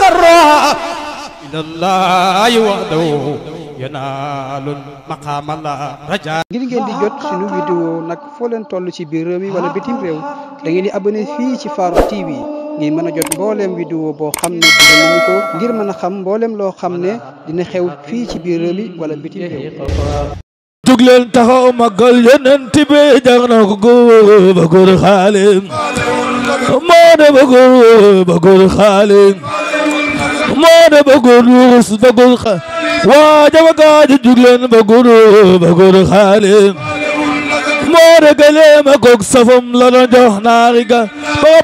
تقرى إلى الله ngir ngeen di jot suñu vidéo nag foo leen toll ci biir réew mi wala bitim réew da di abonné fii ci Farokh TV ngir mën a jot mbooleem vidéo boo xam ne dinañ ko ngir mën xam mbooleem loo xam ne dina xew fii ci biir réew mi wala bitim réew jóg taxaw magal yonent bi jar na ko ba góor xaalim moo ba góor ba góor xaalim Mahmoud bëggul ruus bëggul xa waa jama gaaju jug leen safam la doon jox naari ba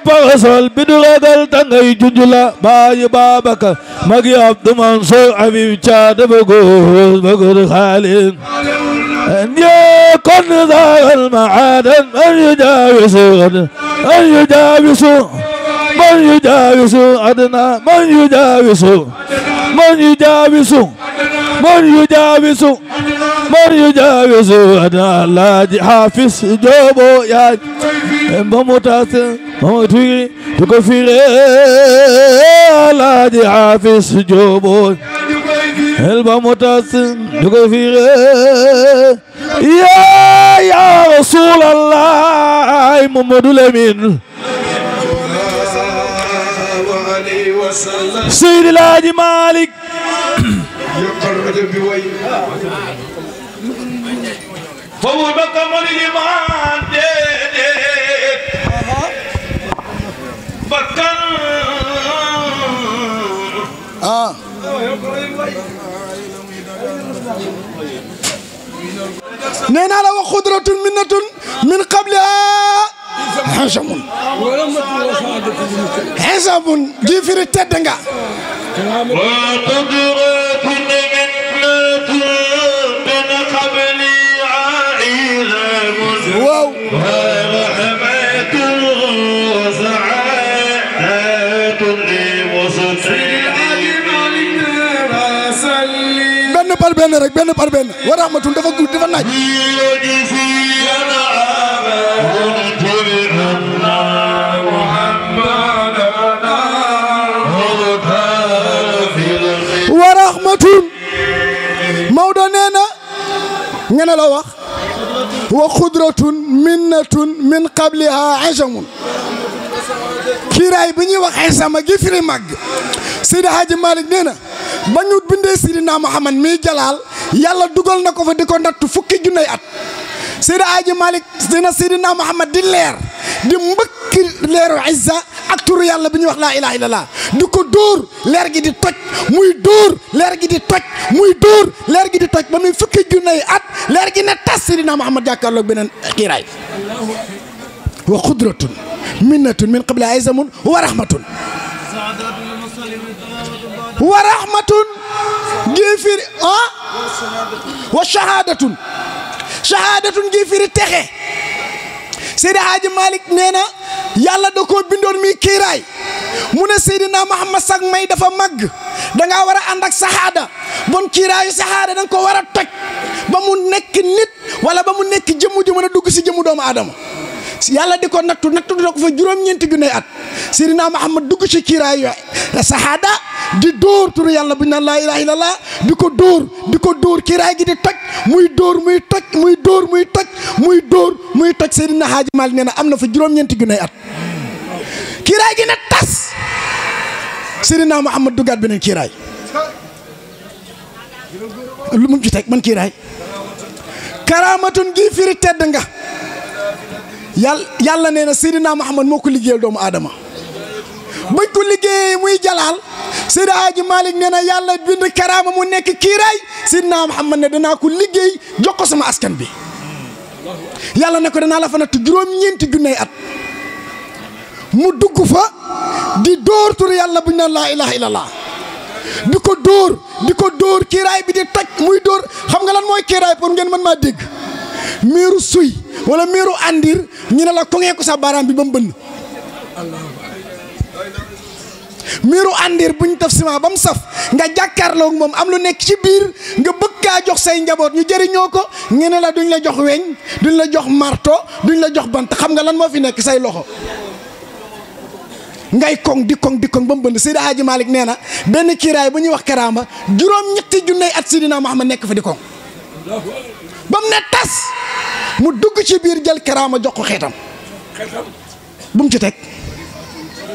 parasol bi du ragal tangay junj la baayu baabaka magi Abdu Mansour Habib Thiade bëggul bëggul xaalim أن يكون ذا المعادن أن يجاوزوا أن يجاوزوا من يجاوز أدنى من يجاوز من يجاوز من يجاوز من يجاوز أدنى لا حافظ جوبو يا بموتات بموتي تكفير لا حافظ جوبو البموتات تكفير يا يا رسول الله محمد الأمين وسلم سيد مالك يقرب بوي فهو بقى اه نينا لو قدرة منة من قبلها هزم هزم جيفر تدنجا بنى بنى بنى بنى بنى بنى بنى بنى بنى بنى بنى بنى بنى بنى بنى بنى Maodo nee na nga ne la wax wa xudratun minnatun min qabliha ajamun kiiraay bi ñuy wax ay sama gi firi màgg Seydi Hadji Malick nee ba ñu bindee Seydina Muhammad mii jalaal yàlla dugal na ko fa di ko nattu fukki junney at Seydi Aji Malick dina Seydina Muhammad di leer di mbëkki leeru izza ak turu yàlla bi ñuy wax laa ilaha la di ko dóor leer gi di toj muy dóor leer gi di toj muy dóor leer gi di toj ba muy fukki junney at leer gi ne tas Seydina Muhammad jàkkaarloog beneen xiiraay wa qudratun wa rahmatun ngii firi ah wa shahaadatun shahaadatun ngii firi texe Seydi Hadji Malick nee na yàlla da koo bindoon mi kiiraay mu ne Seydina Muhammad sag may dafa màgg dangaa war a ànd ak saxaada bon kiiraayu saxaada danga ko war a toj ba mu nekk nit wala ba mu nekk jëmm ju mën a dugg jëmmu doomu aadama yàlla di ko nattu nattu da ko fa juróom-ñeenti junni at Seydina Muhammad dugg si kiiraayu saxaada di dóor turu yàlla bu ñu naan laa ilaha illallah di ko dóor di ko dóor kiraay gi di toj muy dóor muy toj muy dóor muy toj muy dóor muy toj Seydina Haaji Maalik nee na am na fa juróom-ñeenti junni at kiraay gi na tas Seydina Muhammad dugaat beneen kiraay lu mu teg man kiraay karaamatun gi firi tedd nga yàlla yàlla nee na Seydina Muhammad moo ko liggéey doomu aadama bañ ko liggéeyee muy jalaal Seydi Aji Malick nee na yàlla bind karaama mu nekk kiiraay Seydina Muhammad ne danaa ko liggéey jox ko sama askan bi yàlla ne ko danaa la fa natt juróom-ñeenti junney at mu dugg fa di dóor tur yàlla buñ ñu naan laa ilaha di ko dóor di ko dóor kiiraay bi di taj muy dóor xam nga lan mooy kiiraay pour ngeen mën maa dégg miiru suy wala miiru àndir ñu ne la ko ngee ko sa baaraam bi ba bënn miiru àndiir bu ñu taf ciment ba mu saf nga jàkkaarloog moom am lu nekk ci biir nga bëgg kaa jox say njaboot ñu jëriñoo ko ñu ne la duñ la jox weñ duñ la jox marto duñ la jox bant xam nga lan moo fi nekk say loxo ngay koŋ di koŋ ba mu bënd Seydi Hadji Malick nee na benn kiiraay bu ñuy wax karaama juróom-ñetti junney at Seydina Muhammad nekk fa di koŋ ba mu ne tas mu dugg ci biir jël karaama jox ko xeetam bu mu ci teg.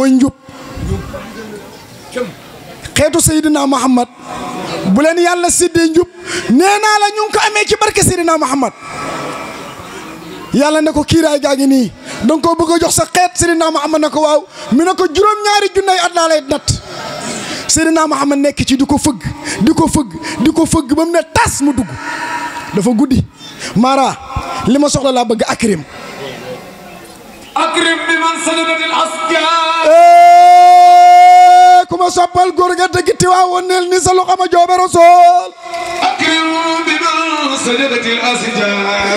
mooy njub xeetu Seydina Muhammad bu leen yàlla séddee njub nee naa la ñu ngi ko amee ci barke Seydina Muhammad yàlla ne ko kiiraay gaa ngi nii danga koo bëgg jox sa xeet Seydina Muhammad ne ko waaw mi ne ko juróom-ñaari junney at laa lay natt Seydina Muhammad nekk ci di ko fëgg di ko fëgg di ko fëgg ba mu ne tas mu dugg dafa guddi Mara li ma soxla laa bëgg akrim akrim bi man sajadatil askar ku ma soppal góor nga dëgg tiwaa woon neel ni sa loxo ma joobe rasool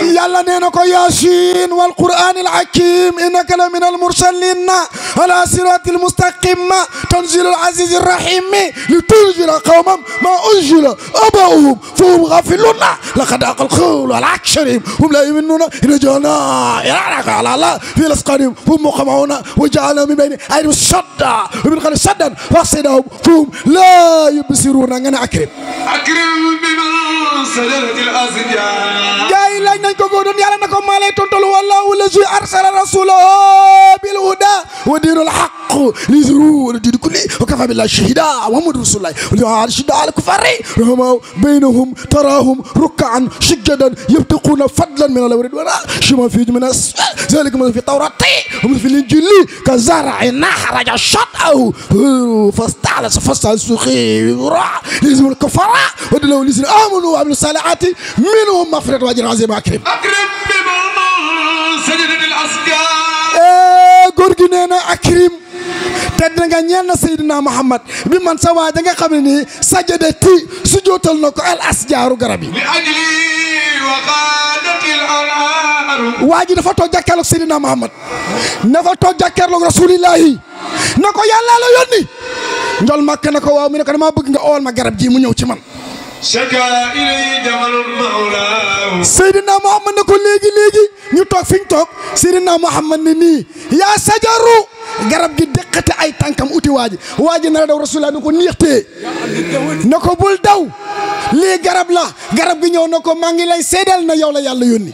يلا نينك ياسين والقران الحكيم انك لمن المرسلين على صراط المستقيم تنزل العزيز الرحيم لتنزل قوما ما انزل ابوهم فهم غافلون لقد اقل قول العكشرين هم لا يؤمنون الى جانا على الله في الاسقانهم هم مقمعون وجعلنا من بين ايد الشدة ومن خلف شدا فاصدهم فهم لا يبصرون انا اكرم اكرم بمن صدرت الازدياء جاي لاج نانكو غودون يالا نكو مالاي تونتول والله الذي ارسل رسوله بالهدى ودين الحق ليزور دي كل وكفى بالله شهيدا ومد رسول الله ارشد على الكفار رحم بينهم تراهم ركعا سجدا يبتقون فضلا من الله ورضوانا شما في من ذلك من في التوراتي ومن في الانجيل كزرع نهر شطه فاستعلى فاستعلى سخي ليزور الكفار ودلو ليزور امنوا وعملوا الصالحات من منهم مغفرة وأجر عظيم أكرم أكرم بمن سجد الأسجار góor gi nee na أكرم tedd nga ñenn Seydina Muhammad bi man sa waa da nga xam ne nii sajadati su jootal na ko al asjaaru garab yi. waa ji dafa toog jàkkaarloog Seydina Muhammad na fa toog jàkkaarloog rasulillahi na ko yàlla la njol màkk na ko waaw mu ne ko damaa bëgg nga ool ma garab ji mu ñëw ci man. shaka ilay jamalul mawla Seydina Muhammad ne ko léegi léegi ñu toog fi ñu toog Seydina Muhammad ne nii yaa sajaru garab gi deqate ay tànkam uti waa ji waa ji nara daw rasulullah ne na ko bul daw lii garab la garab gi ñëw na ko maa ngi lay seedal na yow la yàlla yónni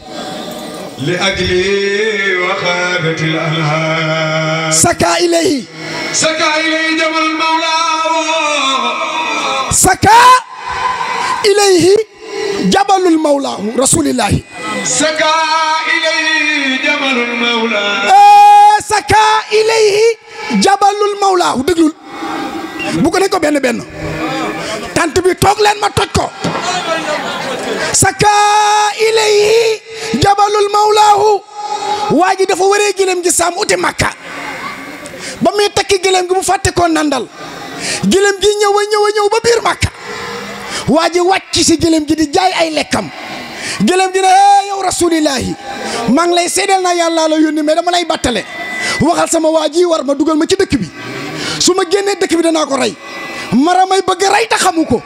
li ajli waxaabati l anhaar saka ilayhi saka ilayhi jamal saka ilayhi jabalul mawlaahu rasulillahi saka ilayhi jabalul mawlaahu ilayhi jabalul mawlaahu déglul bu ko ko benn benn tant bi toog leen ma toj ko saka ilayhi jabalul mawlaahu waa ji dafa waree gëlëm gi saam uti makka ba muy takki gëlëm gi mu fàtte ko nandal gëlëm gi ñëw a ñëw a ñëw ba biir makka waa ji wàcc si gëlëm gi di jaay ay lekkam gëlëm gi ne yow rasulillahi maa man lay seedeel naa yàllaa la yónni mais dama lay bàttale waxal sama waa ji war ma dugal ma ci dëkk bi su ma génnee dëkk bi danaa ko rey mara may bëgg rey ta xamu ko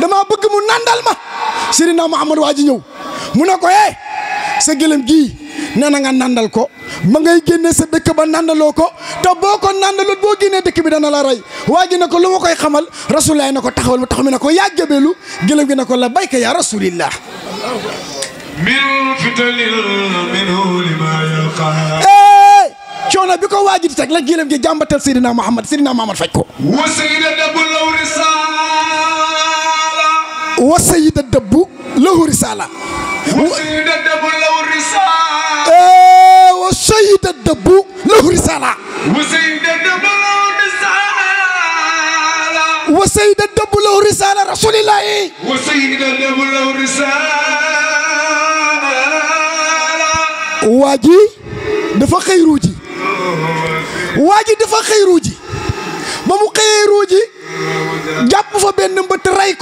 damaa bëgg mu nandal ma Seydina Muhammad waa ji ñëw mu ne ko eh sa gëlëm gii nee na nga nandal ko ma ngay génne sa dëkk ba nandaloo ko te boo ko nandalut boo génnee dëkk bi dana la rey waa ko lu koy xamal rasulilah ne ko taxawal mu taxaw mi ne ko yaa gébelu gëlëm gi ko la bayka yaa rasulillah min coono bi ko waajit teg la gëlëm gi jàmbatal Seydina Muhammad Seydina Muhammad faj ko wa sayida dabbu law risala wa sayida lahu risala wa sayida dabbu eh, lahu risala wa sayida dabbu lahu risala rasulillahi wa ji dafa xëy ruuji ji dafa xëy ruuji mu xëyee ruuji fa benn mbët rey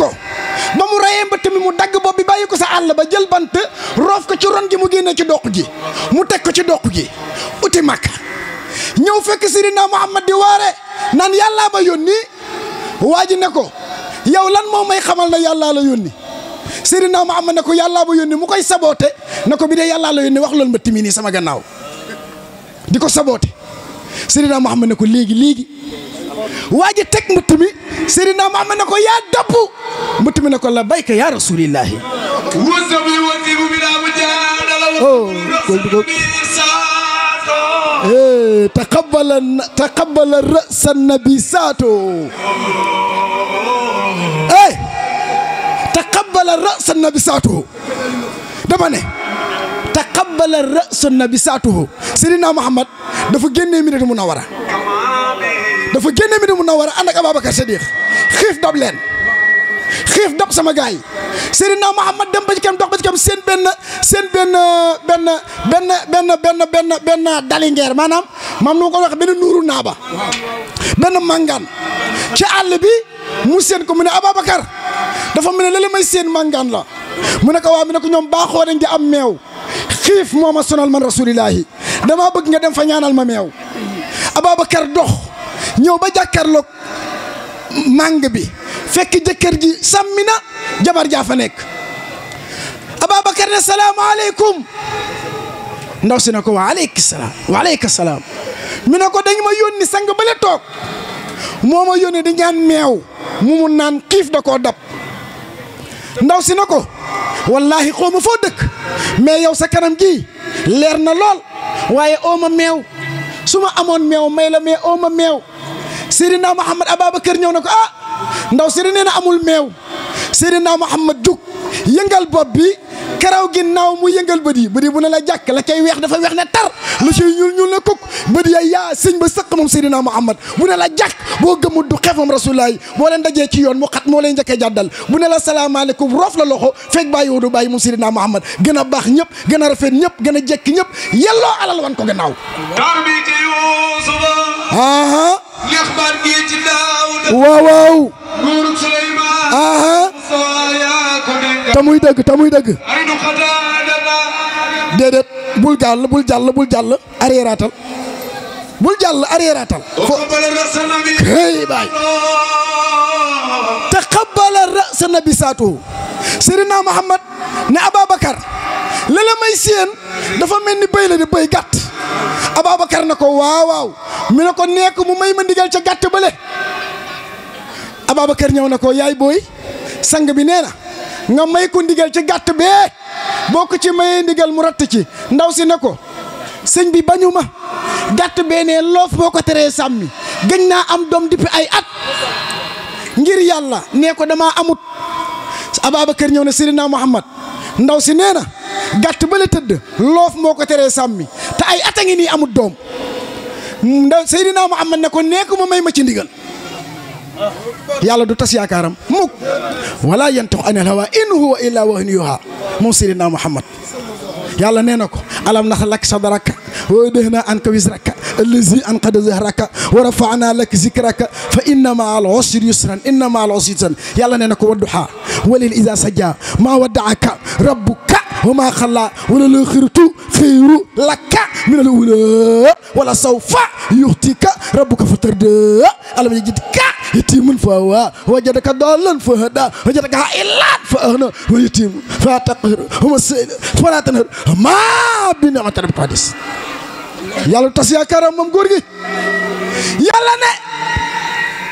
ba mu rayee mbëtt mi mu dagg bopp bi bàyyi ko sa àll ba jël bant roof ko ci ron gi mu génnee ci doq ji mu teg ko ci doq gi uti Makka ñëw fekk Sirina am di waare nan yàllaa ma yónni waa ji ne ko yow lan moo may xamal na yàllaa la yónni Sirina Muhammad ne ko yàllaa ba yónni mu koy saboote na ko bi dee yàllaa la yónni wax loolu mbëtt mi nii sama gannaaw di ko saboote Sirina Muhammad ne ko léegi léegi waa ji teg mbëtt mi Muhammad ne ko yaa dabb mbëtt mi ne ko la bayka yaa rasulillahi wasabi oh, wasibu bi laa eh, mujadala taqabbala taqabbala ra'sa nabi saato eh taqabbala ra'sa nabi saato dama ne taqabbala ra'sa nabi saatuhu Seydina Muhammad dafa génnee Madina Munawwara dafa génne mi ne mun na war a ànd ak Ababacar Sadiq xiif dab leen xiif dab sama gaay yi Seydina Muhammad dem ba ci dox ba ci kam seen benn seen benn benn benn benn benn benn benn dalingeer maanaam maam nu ko wax benn nuuru ba benn màngaan ci àll bi mu séen ko mu ne Ababacar dafa mu ne lali may seen màngaan la mu ne ko waa mi ne ko ñoom baaxoo dañ di am meew xiif moo ma sonal man rasulillahi damaa bëgg nga dem fa ñaanal ma meew Ababacar dox ñëw ba jàkkaarloog màng bi fekk jëkkër ji sàmmi na jabar jaa fa nekk Ababacar ne salaamaaleykum ndaw si na ko waaleykum salaam waaleykum salaam mi ne ko dañ ma yónni sang bale toog moo ma yónni di ñaan meew mu mun naan xiif da koo dab ndaw si na ko wallaahi xaw ma foo dëkk mais yow sa kanam gi leer na lool waaye ooma meew su ma amoon meew may la mais ooma meew Seydina Mouhamed Ababacar ñëw na ko ah ndaw Serigne nee na amul meew Seydina Mouhamed jug yëngal bopp bi karaw gi naaw mu yëngal bët yi bët yi bu ne la jàkk la kay weex dafa weex ne tar lu ciy ñuul ñuul na kuk bët ya yaa sëñ ba sëq moom Seydina Mouhamed bu ne la jàkk boo gëmul du xefam rasulaay boo leen dajee ci yoon mu xat moo lay njëkkee jàddal bu ne la salaamaaleykum roof la loxo fekk bàyyi woo du bàyyi moom Seydina Mouhamed gën a baax ñëpp gën a rafet ñëpp gën a jekk ñëpp yelloo alal wan ko gannaaw aha nexbar gi ci daawda waaw waaw nguurug Suleymaan aha te muy dëgg te muy dëgg déedéet bul jàll bul jàll bul jàll arriéraatal bul jàll arriéraatal fo këy baay te xabbala rasa nabi saatuhu Seydina Muhammad ne Ababacar la la may séen dafa mel ni béy la di béy gàtt Ababacar na ko waaw waaw mi ne ko nekk mu may ma ndigal ca gàtt bale Ababacar ñëw na ko yaay booy sang bi nee na nga may ko ndigal ca gàtt bee boo ko ci mayee ndigal mu ratt ci ndaw si ne ko sëñ bi bañu ma gàtt bee ne loof boo ko teree sàmmi gëñ naa am doom depuis ay at ngir yàlla nee ko damaa amut Ababacar ñëw ne Seydina Muhammad ndaw si nee na gàtt ba la tëdd loof moo ko teree sàmmi te ay at a ngi nii amut doom ndaw Seydina Muhammad ne ko nekku ma may ma ci ndigal yàlla du tas yaakaaram mukk wala yantiqu anil hawa in huwa illa wahyun yuuhaa moom Seydina Muhammad yàlla nee na ko alam naxlaq sadraka wa wadaana anka wizrak الذي أنقذ ظهرك ورفعنا لك ذكرك فإن مع العسر يسرا إن مع العسر يسرا يلا ننك والضحى ولل إذا سجى ما ودعك ربك وما خلى وللآخرة خير لك من الأولى ولا سوف يعطيك ربك فترضى ألم يجدك يتيم فهو وجدك ضالا فهدى وجدك عائلا فأغنى ويتيم فاتقهر فتقهر ومسئل فلا تنهر ما بنعمة ربك حديث yàlla tas yaakaaram moom góor gi yàlla ne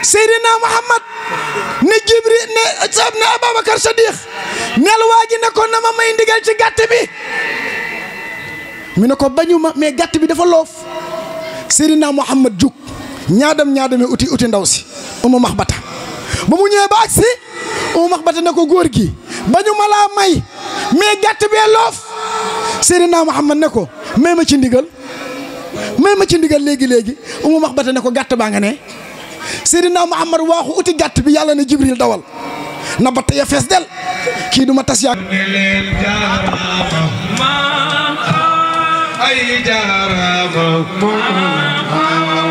Seydina Muhammad ne Jibri ne ne Ababacar Sadiq neel ne ko na ma may ndigal ci gàtt bi mu ne ko bañu ma mais gàtt bi dafa loof Seydina Muhammad jug ñaadam ñaadame uti uti ndaw si Umu Maxbata ba mu ñëwee ba agsi Umu Maxbata ne ko góor gi bañu ma laa may mais gàtt bee loof Seydina Muhammad ne ko may ma ci ndigal may ma ci ndigal léegi léegi umu max bata ne ko gàtt baa nga ne Seydina Muhammad waaxu uti gàtt bi yàlla ne Jibril dawal na ba tey fees del kii du tas yaa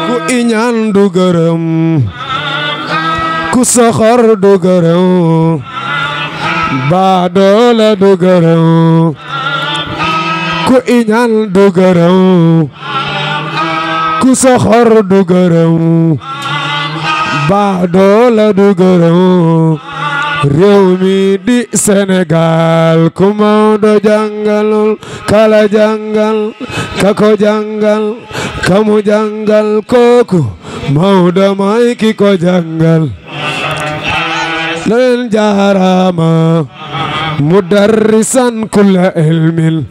ku iñaan du gërëm ku soxor du gërëm baadoola du gërëm ku iñaan du gërëm ku soxor du gërëm baadoo la du gërëm réew di Sénégal ku Maodo jàngalul kala jàngal kako jàngal kamu jàngal kooku Maodo may ki ko jàngal للجرامة مدرسا كل علم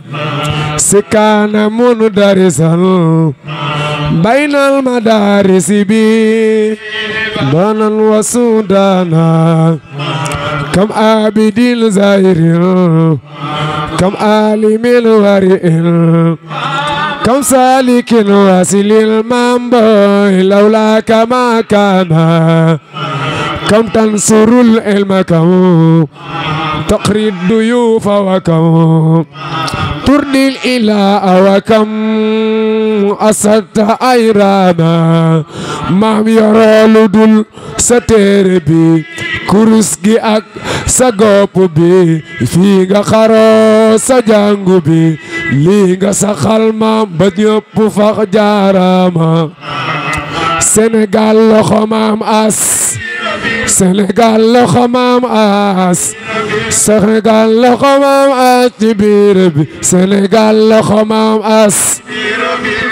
سكان مدرسا بين المدارس بي بانا وسودانا كم عابد زائر كم عالم ورئ كم سالك واسل المنبوي لولاك ما كان kamtan surul elma takrid taqrid duyuf awakamu turdil ila awakam asad airana mam yaraludul saterbi kurus gi ak sagop bi fi ga kharo sajangu bi li ga saxal ma badiop fakh jarama senegal as Sénégal loxo maam aas Sénégal loxo maam aas bi Sénégal loxo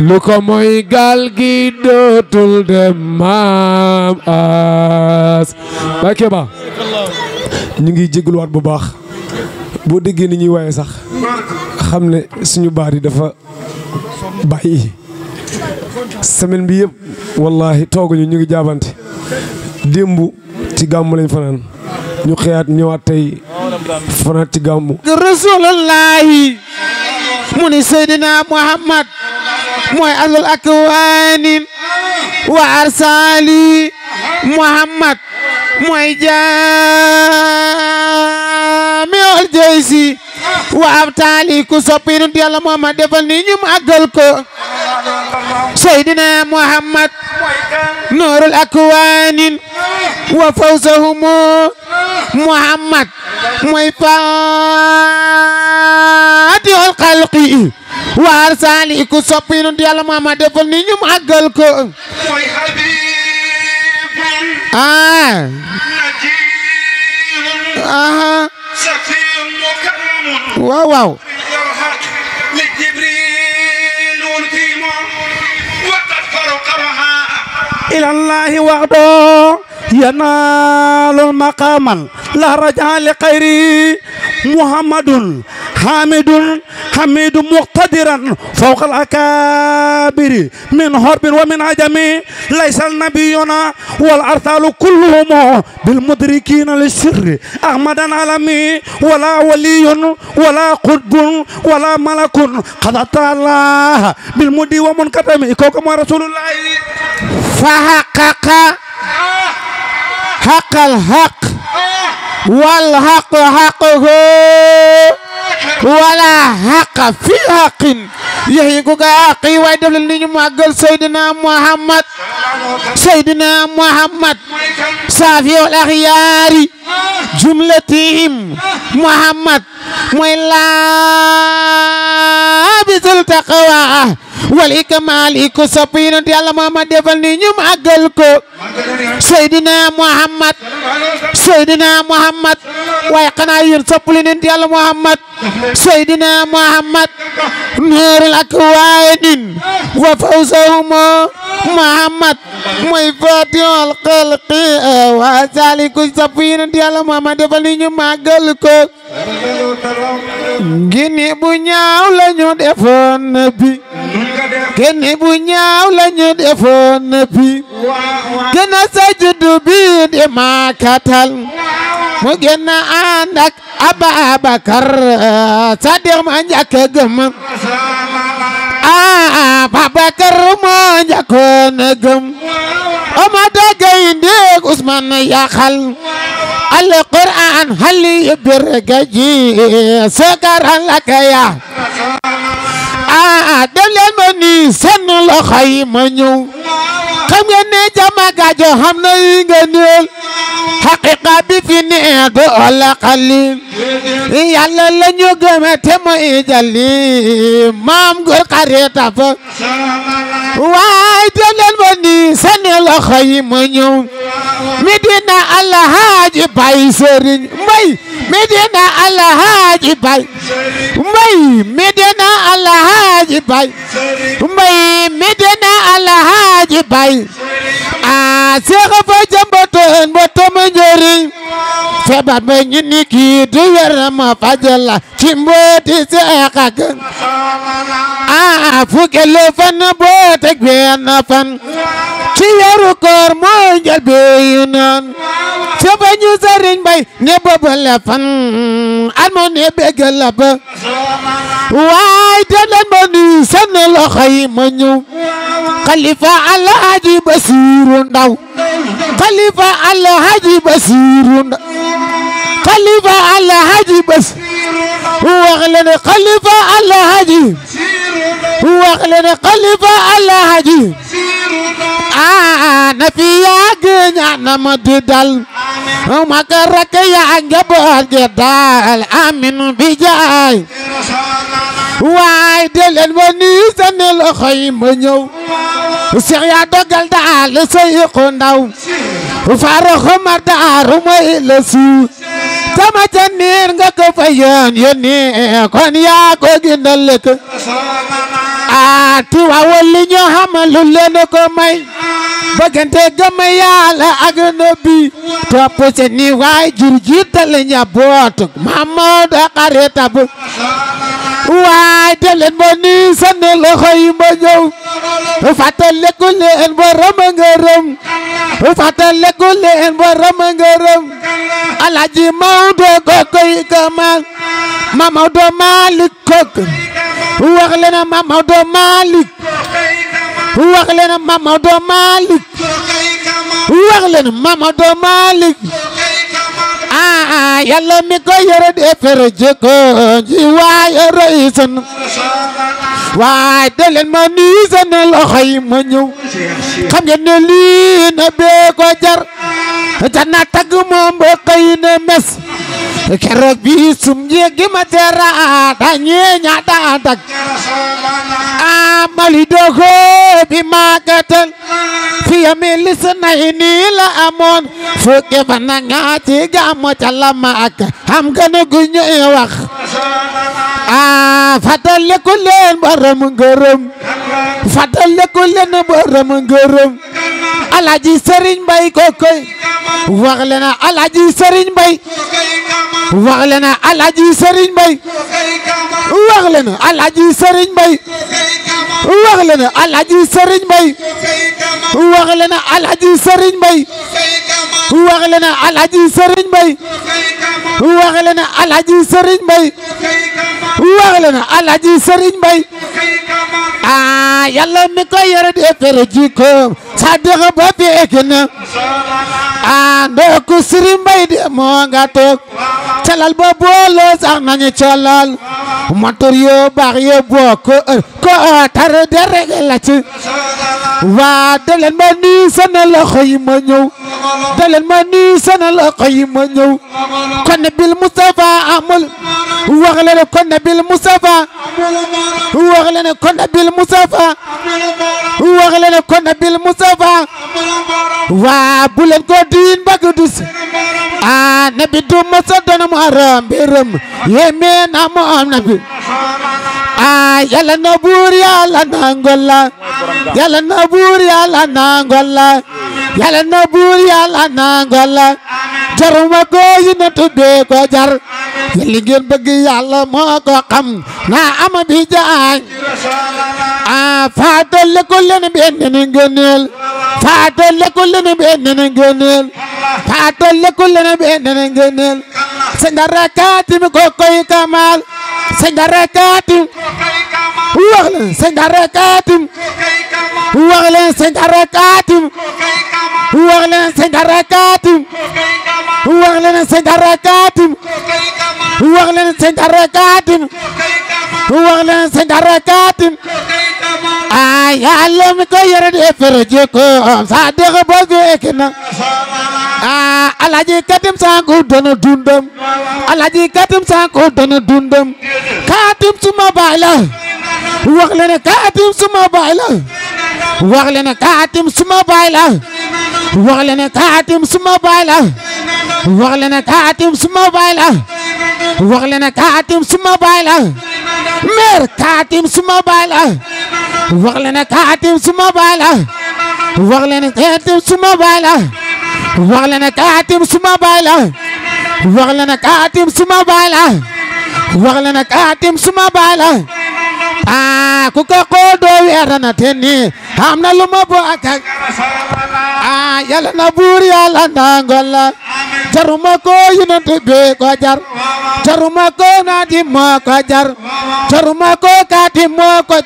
lu ko mooy gaal gi dootul dem maam aas Bakke ba ñu ngi jégluwaat bu baax boo déggee ni ñuy waaye sax xam ne suñu baax yi dafa bàyyi semaine bi yëpp wallahi tooguñu ñu ngi jaabante démb ci gàmm fanaan ñu xëyaat ñëwaat tey fanaat ci gàmm rasulullahi mu ni seydina muhammad mooy aslul akwaanin wa arsali muhammad mooy jaamiul jaysi wa abtaali ku soppi nu yàlla muhammad defal ni ñu màggal ko seydina muhammad nuurul akwaanin وفوزهم محمد ميفا هذه القلق وارسالي كسبين ديال ماما ديفل نيوم اغلك آه. اه واو واو الى الله وحده ينال المقام لا رجع لغيره محمد حامد حميد مقتدرا فوق الأكابر من هرب ومن عجم ليس النبينا والأرثال كلهم بالمدركين للسر أحمدا علمي ولا ولي ولا قطب ولا ملك قد أتى الله بالمدي ومنكتم كوكما رسول الله فحقق حق الحق والحق حقه ولا حق في حق يهيقوك أقي واي ويدبل ني ماغل سيدنا محمد سيدنا محمد صافي الأخيار جملتهم محمد وإلا بذل تقوى والإكمال إكو سبينا دي الله محمد ني ماغل كو سيدنا محمد سيدنا محمد waaye xanaa yéen sopp li nit yàlla muhammad seydina muhammad nuurul akwaani wa fawzahum muhammad mooy faatihul xalqi wa saaliku sopp yi nit yàlla muhammad dafa li ñu màggal ko gini bu ñaaw la ñu defoon nabi ken ibunya ñaaw lañu defoon na fi gën sajudu bii di maakatal mu gën a ànd ak Ababakar Sadiq ma njëkk a gëm Ababakar ma njëkkoon a gëm Omar Dagay Ndéeg Ousmane hali birga ji ya ah dem leen ma nii seen loxo ma ñëw xam ngeen ne jama gaajo xam na yi nga néel xaqiqa bi fi nee du ola xali yàlla la ñu te mooy jali maam góor xarita fa waay jëlal ma nii seen loxo yi ma ñëw Medina Alhaaji Bay Sëriñ Mbay Medina Alhaaji Bay Mbay Medina Alhaaji Bay Mbay dina alhaaji bay a seexa fa jambaton botom njëriñ feebar ba ngi ni kii du wér ma fajal la ci mbooti seexa gën a fukkeelu fan boot ak benn fan ci weeru koor moo njël bi yu naan seefa ñu bay ne boobu fan at moo ne bëgg ba waa yaay dalal ma nuyu seen loxo yi ma ñëw xalifa alhaji basiru ndaw xalifa alhaji basiru ndaw xalifa alhaji basiru wax leen xalifa alhaji wax leen xalifa alhaji ah na fi yàgg ñaan na ma di dal magar rek yaa njaboot gi daal amin bi jaay waay de leen ma nii oh, seen loxo yi ma ñëw seex yaa dogal daal sey ko ndaw farox ma daaru mooy la siiw sama janiir nga ko fa yoon yónni kon yaa ko gindal ah, lekk aa ti waawal li ñu xamal lu leen ko may bëggante gëm yàlla ak nabi topp seeni waajur jiital njaboot Mamadou xaritab waay te leen ma nii seen loxo yi ma ñëw fàttaliku leen borom ngërëm fàttaliku leen borom ngërëm Alaaji Maodo kokoy kamal Mamadou Malick kok wax leen Mamadou Malick wax leen Mamadu Malik wax leen Mamadu Malik ah mi ko yore defar jikko ji waaye rëy san waaye da leen ma nii seen loxo yi ma ñëw xam ngeen ne lii na bee ko jar jar na tagg moom ba xëy mes keroog bi sum njëg ma tera da ñee ñaa daa dag ملده بما قتل في يمين لسنين لا أمون فوق بنعاتي قامت لماك هم كانوا قنية وخ آه فتل لكل برم غرم فتل لكل برم غرم Alaji Serigne Mbaye kokoy wax leen na Alaji Serigne Mbaye wax leen Alaji Serigne Mbaye wax leen Alaji Serigne Mbaye wax leen alhaji Serigne Mbaye wax leen alhaji Serigne Mbaye wax leen alhaji Serigne Mbaye wax leen alhaji Serigne Mbaye wax leen alhaji Serigne Mbaye ah mi ko yore de fere jikko sadiq ba fekke na ah ndoku Serigne Mbaye de moo nga toog calal ba booloo sax nañu calal motor yu baax yu bokk ko tar de rek la ci waa daleen ma nuyu sana loxo yi ma ñëw daleen ma nuyu sana loxo yi ma ñëw kon bil Mustafa amul bil Mustafa wax leen kon bil Mustafa wax leen kon bil Mustafa waa bu ko diin bëgg dus a nabi du ma sa doon mu aram biram yéeme na mu am nabi ah yàlla na buur yàlla nangol la yàlla na buur yàlla na buur la jaruma ko na tuddee ko jar ngeen bëgg yàlla moo ko xam naa amadi jaañ ah faa dolli ko leen benn ngëneel faa dolli ko leen benn ngëneel faa dolle kulle na ɓe nene ngeneel so kaatim ko koy kamal kaatim wax leen so gara kaatim wax leen so gara kaatim wax leen so gara kaatim wax leen seen darakaatin a yàlla mi ko yore di ferje ko sa dëgg bo fekk na a alaji katim sanku dana dundam alaji katim sanku dana dundam katim suma baay la wax leen katim suma baay la wax leen katim suma baay la wax leen katim suma suma baay la wax leen ne kaatim suma baay la meer kaatim suma baay suma baay la wax leen ne kaatim suma baay la wax leen ne kaatim suma baay la wax leen ne kaatim suma baay la wax leen ne kaatim suma baay la aa ah, ku ko koodoo weer na te nii am na lu ma boo ak aa ah, yàlla na buur yàlla nangol la jaruma ko yonent bi ko jar jaruma ko naadi moo ko jar jaruma ko kaatim moo ko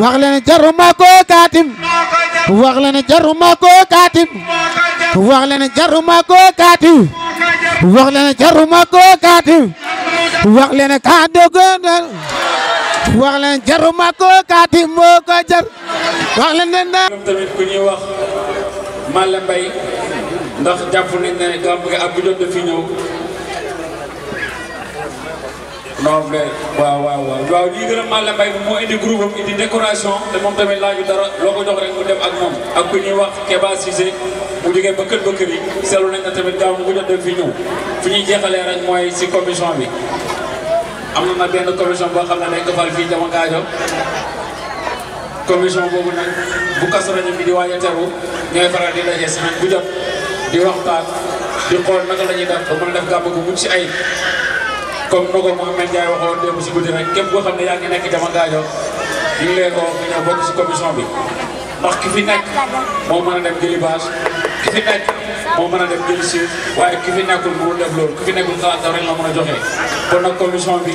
wax leen jaruma ko kaatim wax leen jaruma ko kaatim wax leen jaruma ko kaatim wax leen jaruma ko kaatim wax leen kaa dogoonal wax leen jaruma ko kaatim moo ko jar wax leen ne na tamit ku ñuy wax Malla Mbaye ndax jàpp nañ ne gàmm gi ak bu jot daf fi ñëw mais waaw waaw waaw waaw lii gën a Malla Mbaye moo indi groupe am indi décoration te moom tamit laaju dara loo ko jox rek mu dem ak moom ak ku ñuy wax Keba Cissé mu jógee ba kër ba kër yi seetlu nañ ne tamit gàmm bu jot daf fi ñëw fi ñuy jeexalee rek mooy si commission bi am na nag benn commission boo xam ne dañ ko fal fii commission boobu nag bu kaso rajo bi di waaj a teru ñooy faral di daje di waxtaan di xool naka la ñuy def ba mën a def gàmmu gu mucc ci ayib comme na ko Mouhamed Ndiaye waxoon démb si guddi rek képp koo xam ne yaa ngi nekk jama gaajo ñu ngi lay woo nga ñëw bokk si commission bi ndax ki fi nekk moo mën a dem jëli bâche ki fi nekk moo mën a dem jëli si waaye ki fi nekkul mënul def loolu ki fi nekkul xalaat rek la mën a joxe kon nag commission bi.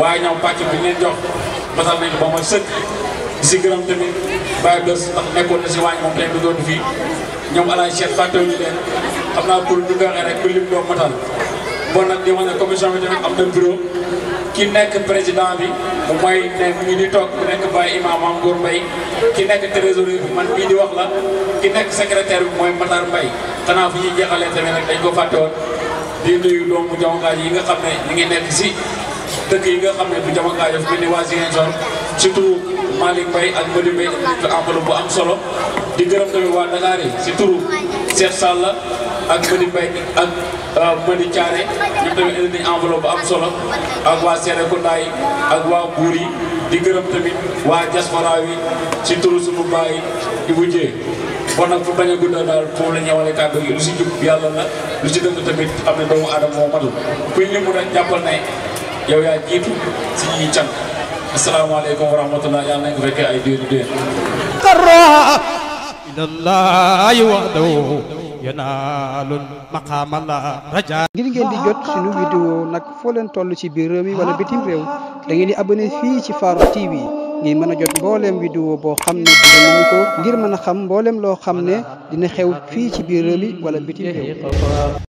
waaye ñoom pàcc bi ñu leen jox matal nañu ba mooy sëkk di si gërëm tamit bàyyi bés ndax nekkoon na si waañ moom tey du doon fii ñoom alaay Cheikh fàttewuñu leen xam naa pour ñu waxee rek ku lim doo di wax commission bi tamit am na bureau ki nekk président bi mooy ne ñu di toog ku nekk Baye Imam Mame Gour Mbaye ki nekk trésorier wax la ki nekk secrétaire bi mooy Matar Mbaye xanaa fu ñuy jeexalee tamit rek dañ ko fàtte woon di nuyu doomu jamongaay yi nga xam ne ñu ngi nekk si dëkk yi nga xam ne bu jamono def bi ni waa si surtout Malick Mbaye ak Mody Mbaye ak enveloppe solo di gërëm tamit waa Dakar yi surtout Cheikh Sall ak Mody Mbaye ak euh, Mody Thiané ñoom solo waa Serekunda yi ak waa Buur yi di gërëm tamit waa diaspora yi surtout suñu baay yi wujjee kon nag pour bañ a la ñëwale kàddu gi lu si jub yàlla tamit am ne doomu aadama moo matul kuy limu rek jàppal ne yow yaa jiitu si ñuy can asalaamaaleykum wa rahmatullah yàlla nañu ngeen di jot suñu vidéo nag foo leen toll ci biir réew mi wala bitim réew da di abonné fii ci Farokh TV ngir mën a jot mbooleem vidéo boo xam ne mën a xam mbooleem loo xam ne dina xew fii ci biir réew mi wala bitim réew